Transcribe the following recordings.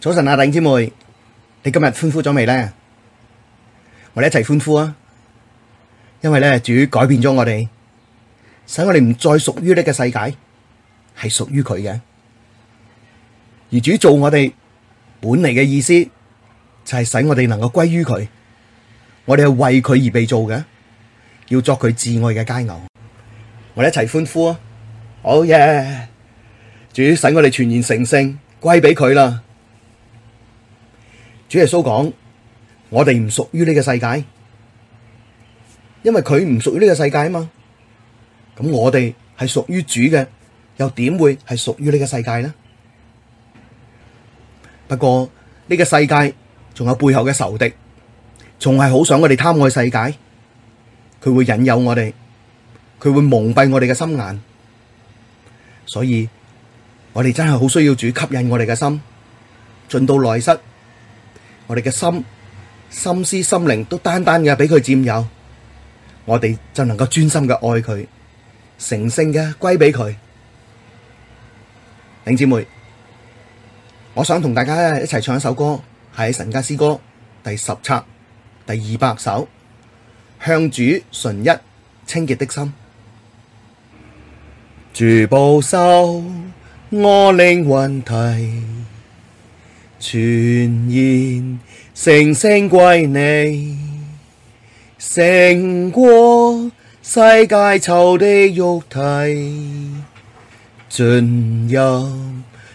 早晨啊，頂尖妹，你今日歡呼咗未咧？我哋一齊歡呼啊！因為咧，主改變咗我哋，使我哋唔再屬於呢個世界，係屬於佢嘅。而主造我哋本嚟嘅意思，就係使我哋能夠歸於佢。我哋係為佢而被造嘅，要作佢至愛嘅佳偶。我哋一齊歡呼啊！好耶！主使我哋全然成聖，歸俾佢啦。主耶穌講：我哋唔屬於呢個世界，因為佢唔屬於呢個世界啊嘛。咁我哋係屬於主嘅，又點會係屬於呢個世界呢？不過呢個世界仲有背後嘅仇敵，仲係好想我哋貪愛世界，佢會引誘我哋，佢會蒙蔽我哋嘅心眼。所以，我哋真係好需要主吸引我哋嘅心，進到內室。我哋嘅心、心思、心靈都單單嘅俾佢佔有，我哋就能夠專心嘅愛佢，成聖嘅歸俾佢。弟兄姊妹，我想同大家一齊唱一首歌，喺《神家詩歌》第十冊第二百首《向主純一清潔的心》，主，保守我靈魂體全然成聖歸你，勝過世界、仇敵、肉體，進入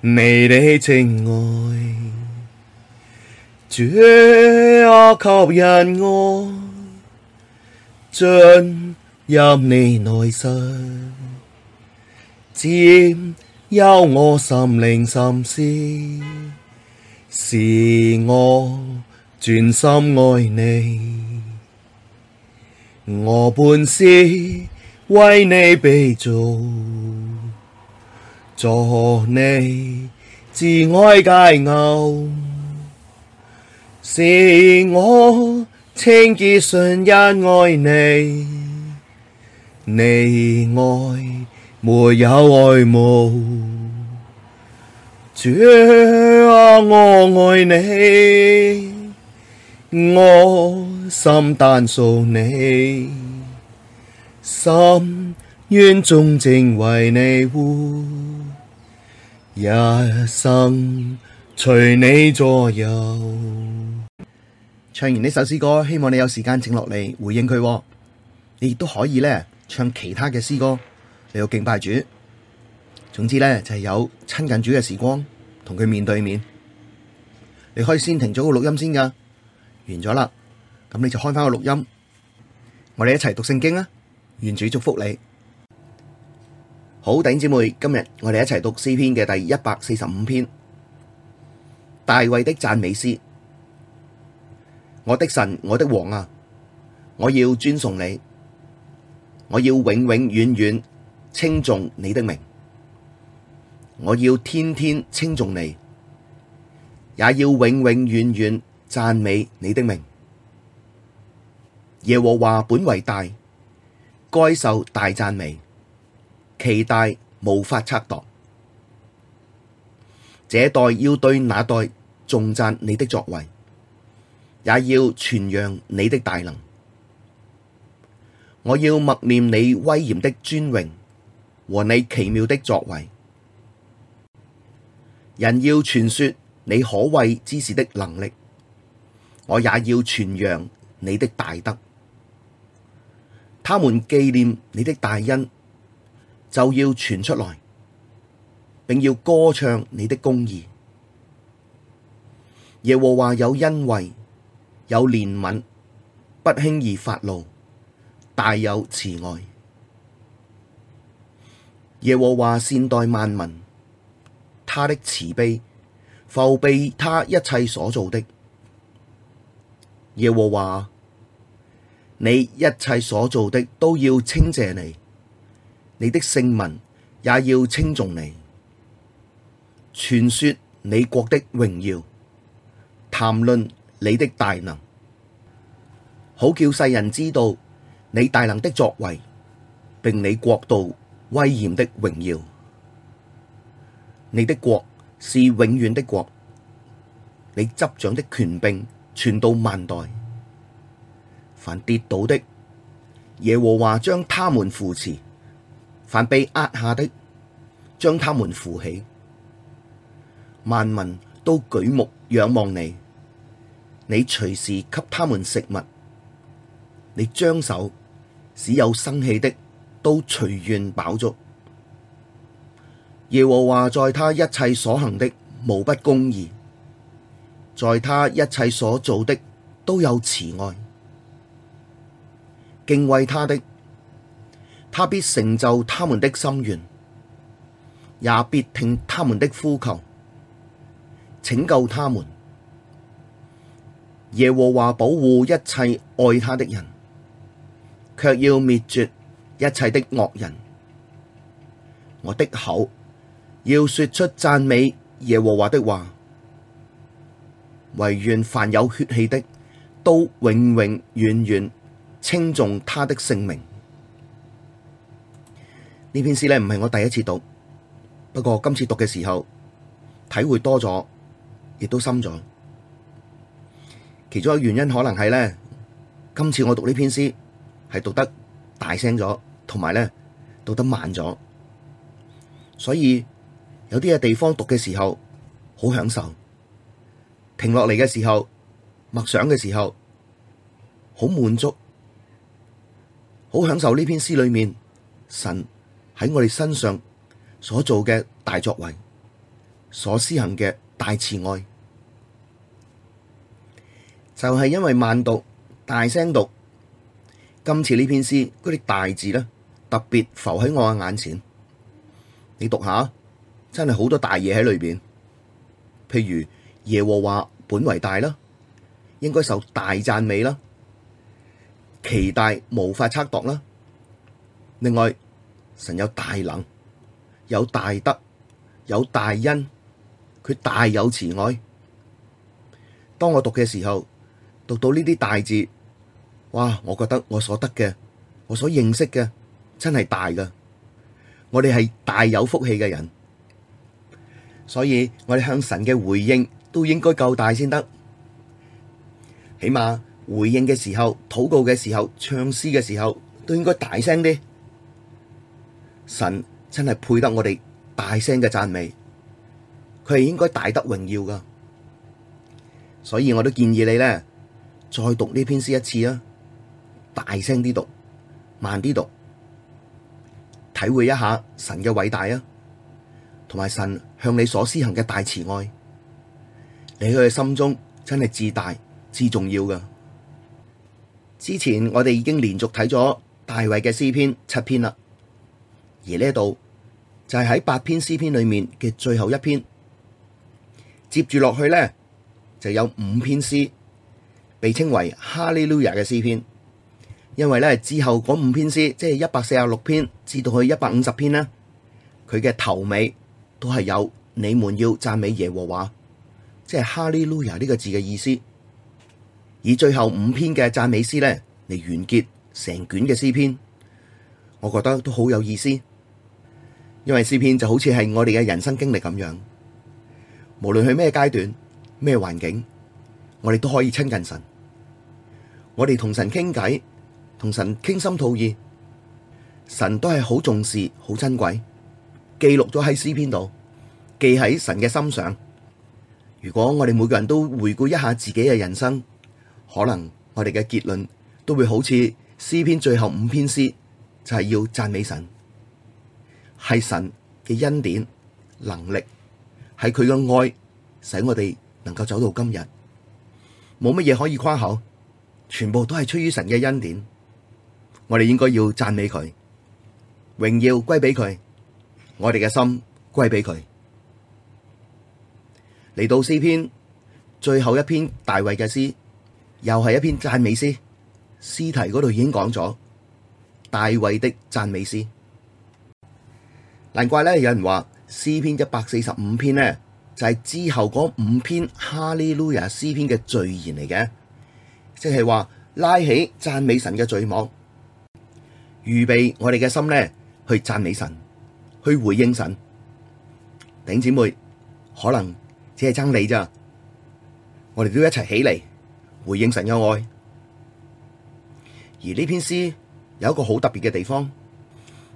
你的情愛，主啊，吸引我，進入你內室，佔有我心靈、心思。使我專心愛你，我本是為你被造，作你至愛佳偶。使我清潔純一愛你，你外沒有愛慕。主啊，我愛你，我心單屬你，深願忠貞為你活，一生隨你左右。唱完呢首詩歌，希望你有時間請落嚟回應佢喎。你亦都可以咧唱其他嘅詩歌，嚟到敬拜主。總之咧，就係、是、有親近主嘅時光，同佢面對面。你可以先停咗個錄音先噶，完咗啦，咁你就開翻個錄音，我哋一齊讀聖經啊！願主祝福你。好，弟兄姊妹，今日我哋一齊讀詩篇嘅第一百四十五篇，大衛的讚美詩。我的神，我的王啊！我要尊崇你，我要永永遠遠稱頌你的名。我要天天稱頌你，也要永永遠遠讚美你的名。耶和華本為大，該受大讚美，其大無法測度。這代要對那代頌讚你的作為，也要傳揚你的大能。我要默念你威嚴的尊榮和你奇妙的作為。人要傳說你可畏之事的能力，我也要傳揚你的大德。他們紀念你的大恩，就要傳出來，並要歌唱你的公義。耶和華有恩惠，有憐憫，不輕易發怒，大有慈愛。耶和華善待萬民。他的慈悲，覆庇他一切所造的。耶和華，你一切所造的都要稱謝你，你的聖民也要稱頌你。傳說你國的榮耀，談論你的大能，好叫世人知道你大能的作為，並你國度威嚴的榮耀。你的國是永遠的國，你執掌的權柄傳到萬代。凡跌倒的，耶和華將他們扶持；凡被壓下的，將他們扶起。萬民都舉目仰望你，你隨時給他們食物，你張手使有生氣的都隨願飽足。耶和華在他一切所行的，無不公義，在他一切所作的都有慈愛。敬畏他的，他必成就他們的心願，也必聽他們的呼求，拯救他們。耶和華保護一切愛他的人，却要滅絕一切的惡人。我的口，要說出讚美耶和華的話，唯願凡有血氣的都永永遠遠稱頌他的聖名。呢篇詩咧唔係我第一次讀，不過今次讀嘅時候體會多咗，亦都深咗。其中一個原因可能係咧，今次我讀呢篇詩係讀得大聲咗，同埋咧讀得慢咗，所以。有啲嘅地方讀嘅時候好享受，停落嚟嘅時候默想嘅時候好滿足，好享受呢篇詩裏面神喺我哋身上所做嘅大作為，所施行嘅大慈愛，就係因為慢讀大聲讀，今次呢篇詩嗰啲大字咧特別浮喺我嘅眼前，你讀下。真係好多大嘢喺裏邊，譬如耶和華本為大啦，應該受大讚美啦，其大無法測度啦。另外，神有大能，有大德，有大恩，佢大有慈愛。當我讀嘅時候，讀到呢啲大字，哇！我覺得我所得嘅，我所認識嘅，真係大㗎。我哋係大有福氣嘅人。所以我哋向神嘅回應都應該夠大先得，起碼回應嘅時候、禱告嘅時候、唱詩嘅時候都應該大聲啲。神真係配得我哋大聲嘅讚美，佢係應該大得榮耀㗎。所以我都建議你咧，再讀呢篇詩一次啊，大聲啲讀，慢啲讀，體會一下神嘅偉大啊，同埋神。向你所施行嘅大慈愛，你喺佢心中真係至大至重要噶。之前我哋已經連續睇咗大衛嘅詩篇七篇啦，而呢度就係喺八篇詩篇裏面嘅最後一篇，接住落去呢，就有五篇詩，被稱為哈利路亞嘅詩篇，因為呢之後嗰五篇詩，即係一百四十六篇至到去一百五十篇啦，佢嘅頭尾，都係有，你們要讚美耶和華，即係哈利路亞呢個字嘅意思。以最後五篇嘅讚美詩咧嚟，完結成卷嘅詩篇，我覺得都好有意思。因為詩篇就好似係我哋嘅人生經歷咁樣，無論去咩階段、咩環境，我哋都可以親近神，我哋同神傾偈，同神傾心吐意，神都係好重視、好珍貴。記錄咗喺詩篇度，記喺神嘅心上。如果我哋每個人都回顧一下自己嘅人生，可能我哋嘅結論都會好似詩篇最後五篇詩，就係要讚美神，係神嘅恩典能力，係佢嘅愛，使我哋能夠走到今日。冇乜嘢可以誇口，全部都係出於神嘅恩典。我哋應該要讚美佢，榮耀歸畀佢。我哋嘅心歸俾佢。嚟到詩篇最後一篇大衛嘅詩，又係一篇讚美詩。詩題嗰度已經講咗，大衛的讚美詩。難怪咧，有人話詩篇一百四十五篇咧，就係之後嗰五篇哈利路亞詩篇嘅序言嚟嘅，即係話拉起讚美神嘅序幕，預備我哋嘅心咧，去讚美神。去回應神，頂姊妹可能只係爭你咋？我哋都一齊起嚟回應神嘅愛。而呢篇詩有一個好特別嘅地方，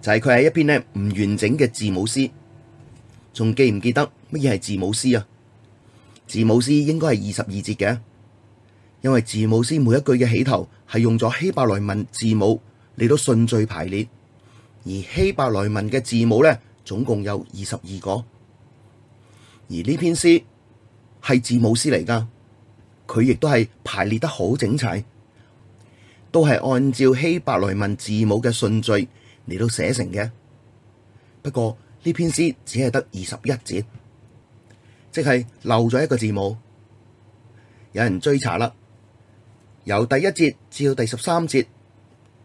就係佢係一篇呢唔完整嘅字母詩。仲記唔記得乜嘢係字母詩啊？字母詩應該係二十二節嘅，因為字母詩每一句嘅起頭係用咗希伯來文字母嚟到順序排列。而希伯來文嘅字母呢，總共有二十二個。而呢篇詩係字母詩嚟㗎，佢亦都係排列得好整齊，都係按照希伯來文字母嘅順序嚟到寫成嘅。不過呢篇詩只係得二十一節，即係漏咗一個字母。有人追查啦，由第一節至到第十三節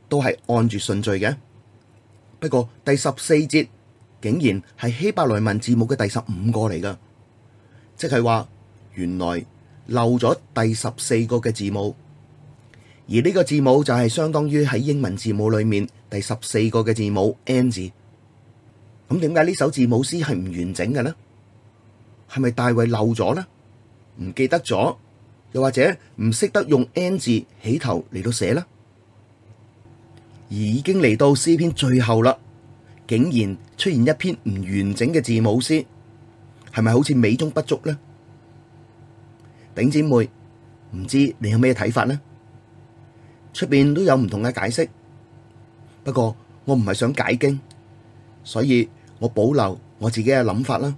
都係按住順序嘅。不過第十四節竟然係希伯來文字母嘅第十五個嚟噶，即係話原來漏咗第十四個嘅字母，而呢個字母就係相當於喺英文字母裏面第十四個嘅字母 N 字。咁點解呢首字母詩係唔完整嘅呢？係咪大衛漏咗呢？唔記得咗，又或者唔識得用 N 字起頭嚟到寫呢？而已經嚟到詩篇最後啦，竟然出現一篇唔完整嘅字母詩，係咪好似美中不足呢？丁姐妹唔知你有咩睇法呢？出面都有唔同嘅解釋，不過我唔係想解經，所以我保留我自己嘅諗法啦。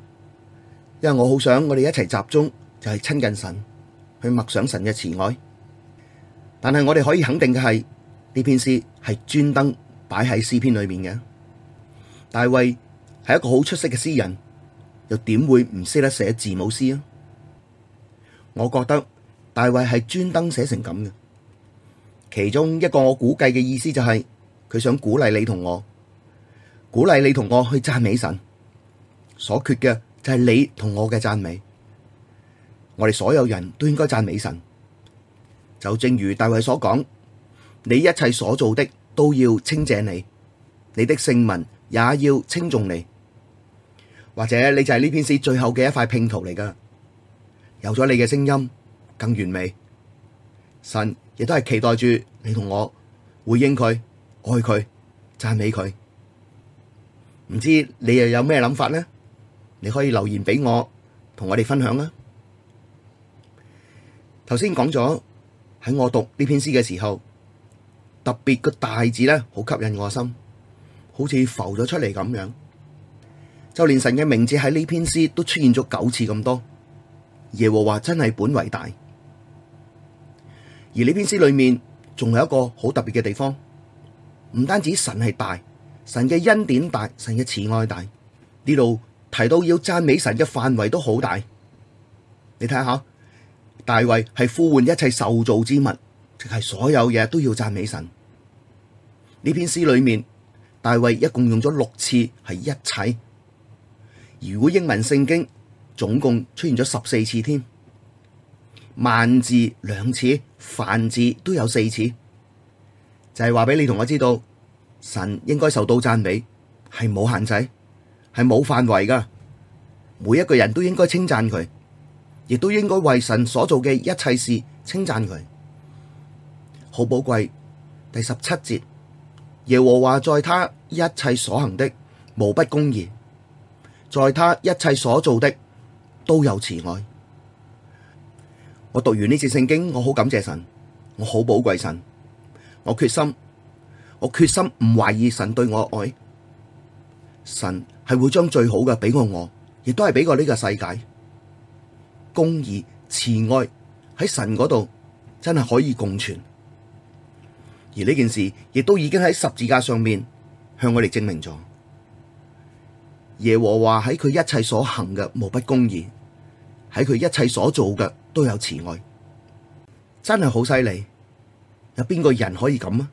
因為我好想我哋一齊集中，就係親近神，去默想神嘅慈愛。但係我哋可以肯定嘅係呢篇詩。係專登擺喺詩篇裏面嘅，大衛係一個好出色嘅詩人，又點會唔識得寫字母詩啊？我覺得大衛係專登寫成咁嘅，其中一個我估計嘅意思就係佢想鼓勵你同我，鼓勵你同我去讚美神，所缺嘅就係你同我嘅讚美，我哋所有人都應該讚美神，就正如大衛所講。你一切所做的都要稱謝你，你的聖民也要稱頌你。或者你就係呢篇詩最後嘅一塊拼圖嚟㗎，有咗你嘅聲音更完美。神亦都係期待住你同我回應佢、愛佢、讚美佢。唔知你又有咩諗法呢？你可以留言畀我，同我哋分享啊！頭先講咗喺我讀呢篇詩嘅時候。特別個大字咧，好吸引我心，好似浮咗出嚟咁樣。就連神嘅名字喺呢篇詩都出現咗九次咁多。耶和華真係本為大。而呢篇詩裏面仲有一個好特別嘅地方，唔單止神係大，神嘅恩典大，神嘅慈愛大。呢度提到要讚美神嘅範圍都好大。你睇下，大衛係呼喚一切受造之物，即係所有嘢都要讚美神。呢篇詩裏面，大衛一共用咗六次係一切，而如果英文聖經總共出現咗十四次添。萬字兩次，凡字都有四次，就係話俾你同我知道，神應該受到讚美，係冇限制，係冇範圍噶。每一個人都應該稱讚佢，亦都應該為神所做嘅一切事稱讚佢。好寶貴，第十七節。耶和華在他一切所行的，無不公義，在他一切所做的，都有慈愛。我讀完呢節聖經，我好感謝神，我好寶貴神，我決心，我決心唔懷疑神對我愛。神係會將最好嘅俾我，我，亦都係俾我呢個世界。公義、慈愛，喺神嗰度真係可以共存。而呢件事亦都已經喺十字架上面向我哋證明咗，耶和華喺佢一切所行嘅，無不公義，喺佢一切所做嘅，都有慈愛，真係好犀利！有邊個人可以咁啊？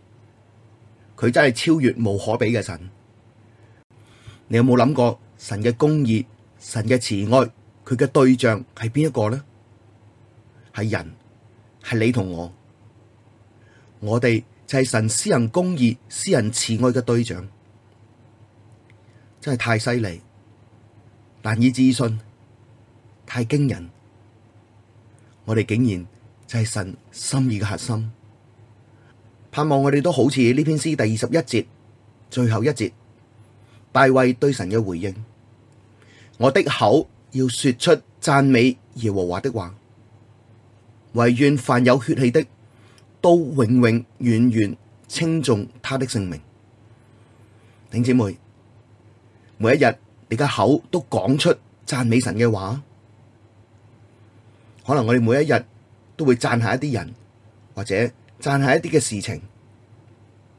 佢真係超越無可比嘅神。你有冇諗過神嘅公義、神嘅慈愛，佢嘅對象係邊一個呢？係人，係你同我。我哋就係神私人公義、私人慈愛嘅對象，真係太犀利，難以置信，太驚人。我哋竟然就係神心意嘅核心，盼望我哋都好似呢篇詩第二十一節最後一節，大衛對神嘅回應：我的口要說出讚美耶和華的話，唯願凡有血氣的。都永永遠遠稱頌他的聖名。弟兄姊妹，每一日你嘅口都講出讚美神嘅話，可能我哋每一日都會讚下一啲人，或者讚下一啲嘅事情，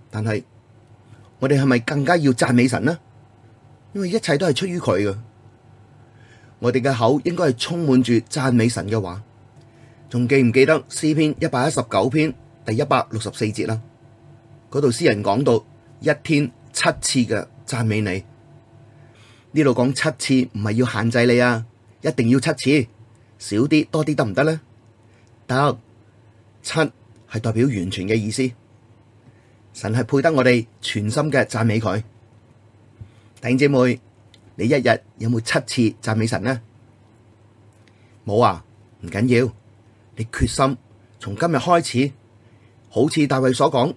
但係我哋係咪更加要讚美神呢？因為一切都係出於佢嘅，我哋嘅口應該係充滿住讚美神嘅話，仲記唔記得詩篇一百一十九篇？第一百六十四節啦，嗰度詩人講到一天七次嘅讚美你，呢度講七次唔係要限制你啊，一定要七次，少啲多啲得唔得呢？得，七係代表完全嘅意思，神係配得我哋全心嘅讚美佢。弟姐妹，你一日有冇七次讚美神呢？冇啊，唔緊要，你決心從今日開始。好似大衛所講，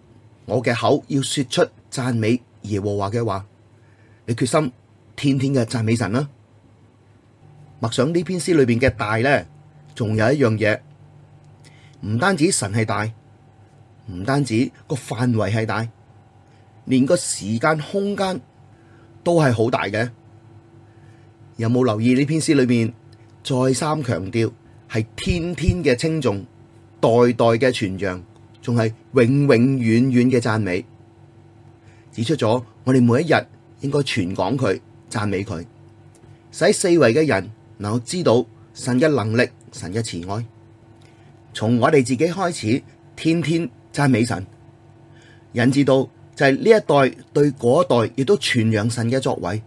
我嘅口要說出讚美耶和華嘅話。你決心天天嘅讚美神啦。默想呢篇詩裏邊嘅大呢，仲有一樣嘢，唔單止神係大，唔單止個範圍係大，連個時間空間都係好大嘅。有冇留意呢篇詩裏面再三強調係天天嘅稱頌，代代嘅傳揚？仲係永永遠遠嘅讚美，指出咗我哋每一日應該傳講，佢讚美佢，使四圍嘅人能夠知道神嘅能力、神嘅慈愛。從我哋自己開始，天天讚美神，引致到就係呢一代對嗰一代亦都傳揚神嘅作為，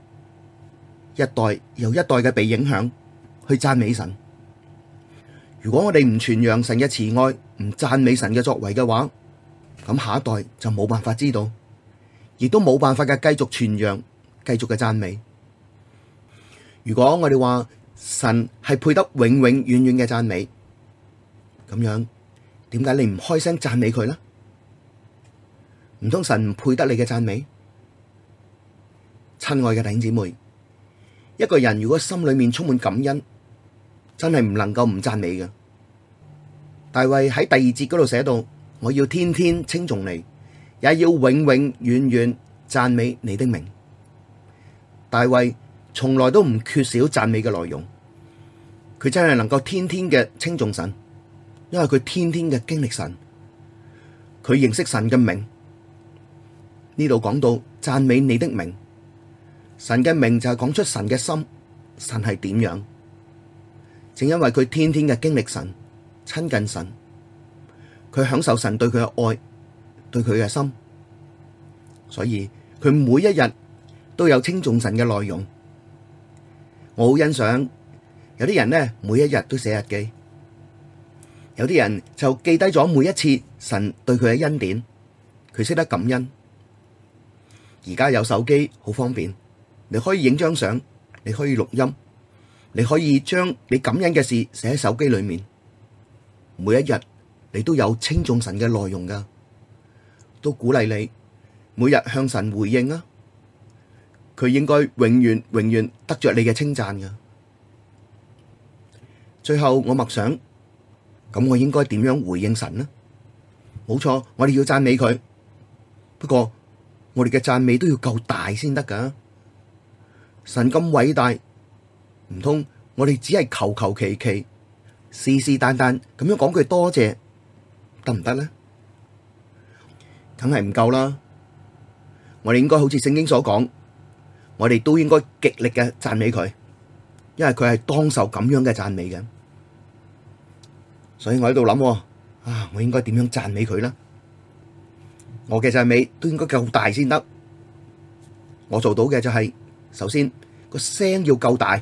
一代又一代嘅被影響去讚美神。如果我哋唔傳揚神嘅慈愛，唔讚美神嘅作為嘅話，咁下一代就冇辦法知道，亦都冇辦法嘅繼續傳揚，繼續嘅讚美。如果我哋話神係配得永永遠遠嘅讚美，咁樣點解你唔開聲讚美佢呢？唔通神唔配得你嘅讚美？親愛嘅弟兄姊妹，一個人如果心裏面充滿感恩。真係唔能夠唔讚美嘅，大衛喺第二節嗰度寫到：我要天天稱頌你，也要永永遠遠讚美你的名。大衛從來都唔缺少讚美嘅內容，佢真係能夠天天嘅稱頌神，因為佢天天嘅經歷神，佢認識神嘅名。呢度講到讚美你的名，神嘅名就係講出神嘅心，神係點樣。正因為佢天天嘅經歷神親近神，佢享受神對佢嘅愛，對佢嘅心，所以佢每一日都有稱頌神嘅內容。我好欣賞有啲人呢，每一日都寫日記，有啲人就記低咗每一次神對佢嘅恩典，佢識得感恩。而家有手機好方便，你可以影張相，你可以錄音。你可以將你感恩嘅事寫喺手機裏面，每一日你都有稱頌神嘅內容噶，都鼓勵你每日向神回應啊！佢應該永遠永遠得着你嘅稱讚噶。最後我默想，咁我應該點樣回應神呢？冇錯，我哋要讚美佢，不過我哋嘅讚美都要夠大先得噶。神咁偉大。唔通我哋只係求求其其、是是但但咁樣講句多謝得唔得呢？梗係唔夠啦！我哋應該好似聖經所講，我哋都應該極力嘅讚美佢，因為佢係當受咁樣嘅讚美嘅。所以我喺度諗啊，我應該點樣讚美佢呢？我嘅讚美都應該夠大先得。我做到嘅就係，首先個聲要夠大。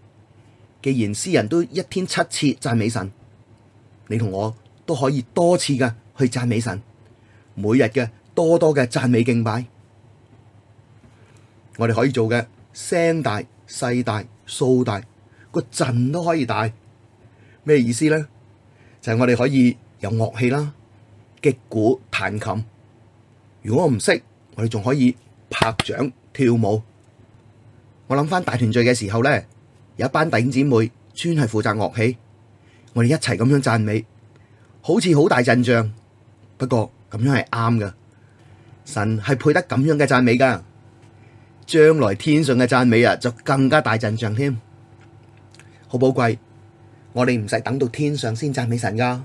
既然詩人都一天七次讚美神，你同我都可以多次嘅去讚美神，每日嘅多多嘅讚美敬拜，我哋可以做嘅聲大、勢大、數大，個陣都可以大。咩意思咧？就係、是、我哋可以有樂器啦，擊鼓、彈琴。如果我唔識，我哋仲可以拍掌、跳舞。我諗返大團聚嘅時候咧。有一班頂姊妹專係負責樂器，我哋一齊咁樣讚美，好似好大陣仗。不過咁樣係啱噶，神係配得咁樣嘅讚美噶。將來天上嘅讚美啊，就更加大陣仗添，好寶貴。我哋唔使等到天上先讚美神噶，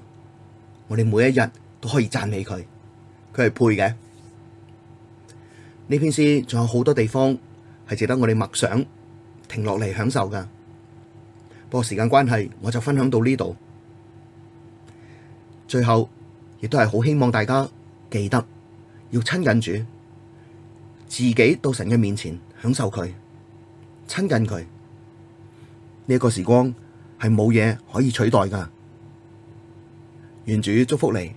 我哋每一日都可以讚美佢，佢係配嘅。呢篇詩仲有好多地方係值得我哋默想，停落嚟享受噶。不過時間關係，我就分享到呢度。最後，亦都係好希望大家記得要親近主自己，到神嘅面前享受佢，親近佢。呢個時光係冇嘢可以取代噶。願主祝福你。